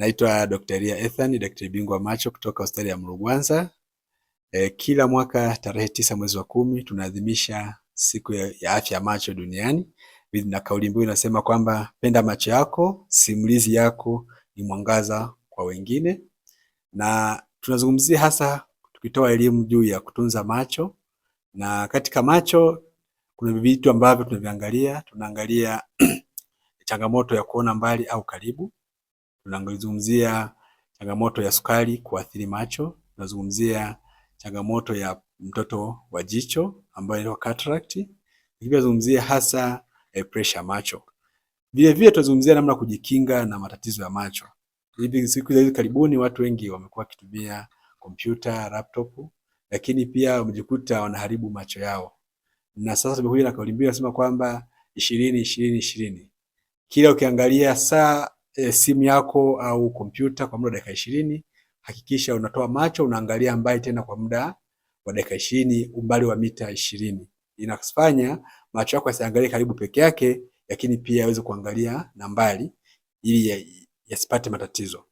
Naitwa Dr. Ethan, daktari bingwa macho kutoka hospitali ya mrugwanza E, kila mwaka tarehe tisa mwezi wa kumi tunaadhimisha siku ya, ya afya macho duniani na kauli mbiu inasema kwamba penda macho yako, simulizi yako ni mwangaza kwa wengine, na tunazungumzia hasa tukitoa elimu juu ya kutunza macho, na katika macho kuna vitu ambavyo tunaviangalia. Tunaangalia changamoto ya kuona mbali au karibu Tunazungumzia changamoto ya sukari kuathiri macho, tunazungumzia changamoto ya mtoto wa jicho ambayo inaitwa cataract, tunazungumzia hasa eh, pressure macho. Vile vile tunazungumzia namna kujikinga na matatizo ya macho. Hivi siku hizi karibuni watu wengi wamekuwa wakitumia kompyuta, laptop lakini pia wamejikuta wanaharibu macho yao. Na sasa tumekuja na kauli mbiu inasema kwamba ishirini ishirini ishirini. Kila ukiangalia saa e, simu yako au kompyuta kwa muda wa dakika ishirini. Hakikisha unatoa macho unaangalia mbali tena kwa muda wa dakika ishirini, umbali wa mita ishirini. Inafanya macho yako yasiangalie karibu peke yake, lakini pia yaweze kuangalia na mbali ili yasipate matatizo.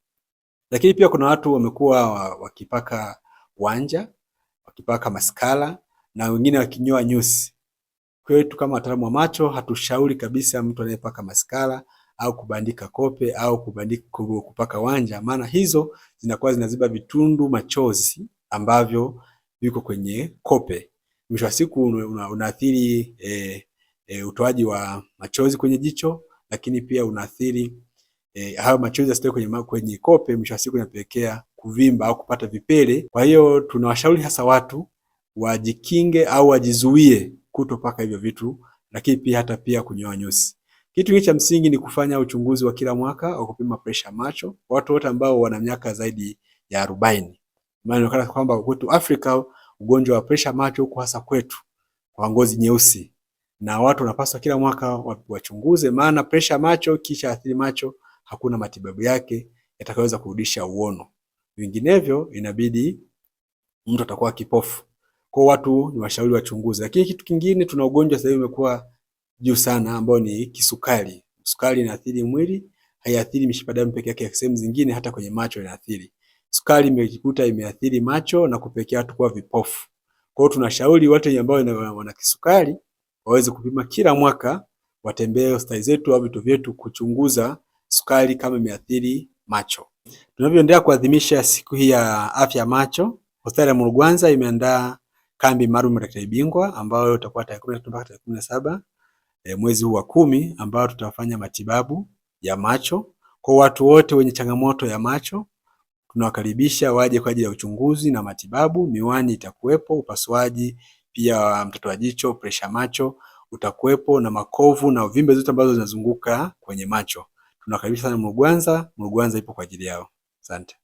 Lakini pia kuna watu wamekuwa wakipaka wanja, wakipaka maskara na wengine wakinyoa nyusi. Kwetu kama wataalamu wa macho hatushauri kabisa mtu anayepaka maskara au kubandika kope au kubandika, kupaka wanja, maana hizo zinakuwa zinaziba vitundu machozi ambavyo viko kwenye kope. Mwisho wa siku unaathiri una una e, e, utoaji wa machozi kwenye jicho, lakini pia unaathiri e, hayo machozi yasitoke kwenye, kwenye kope. Mwisho wa siku inapelekea kuvimba au kupata vipele. Kwa hiyo tunawashauri hasa watu wajikinge au wajizuie kutopaka hivyo vitu, lakini pia hata pia kunyoa nyusi. Kitu cha msingi ni kufanya uchunguzi wa kila mwaka wa kupima presha macho watu wote ambao wana miaka zaidi ya arobaini. Inaonekana kwamba kwetu Afrika ugonjwa wa presha macho huko hasa kwetu kwa ngozi nyeusi, na watu wanapaswa kila mwaka wachunguze, maana presha macho kisha athiri macho, hakuna matibabu yake yatakayoweza kurudisha uono, vinginevyo inabidi mtu atakuwa kipofu. Kwa watu ni washauri wachunguze, lakini kitu kingine, tuna ugonjwa sasa hivi umekuwa juu sana ambayo ni kisukari. Sukari inaathiri mwili, haiathiri mishipa damu peke yake, sehemu zingine hata kwenye macho inaathiri. Sukari imejikuta imeathiri macho na kupelekea watu kuwa vipofu. Kwa hiyo tunashauri watu ambao wana kisukari waweze kupima kila mwaka, watembee hospitali zetu au vituo vyetu kuchunguza sukari kama imeathiri macho. Tunavyoendelea kuadhimisha siku hii ya afya macho, hospitali ya Murugwanza imeandaa kambi maalum ya daktari bingwa ambayo itakuwa tarehe 13 mpaka tarehe 17 e, mwezi huu wa kumi ambao tutafanya matibabu ya macho kwa watu wote wenye changamoto ya macho. Tunawakaribisha waje kwa ajili ya uchunguzi na matibabu. Miwani itakuwepo, upasuaji pia wa mtoto wa jicho, presha macho utakuwepo na makovu na uvimbe zote ambazo zinazunguka kwenye macho. Tunawakaribisha sana Murugwanza. Murugwanza ipo kwa ajili yao. Asante.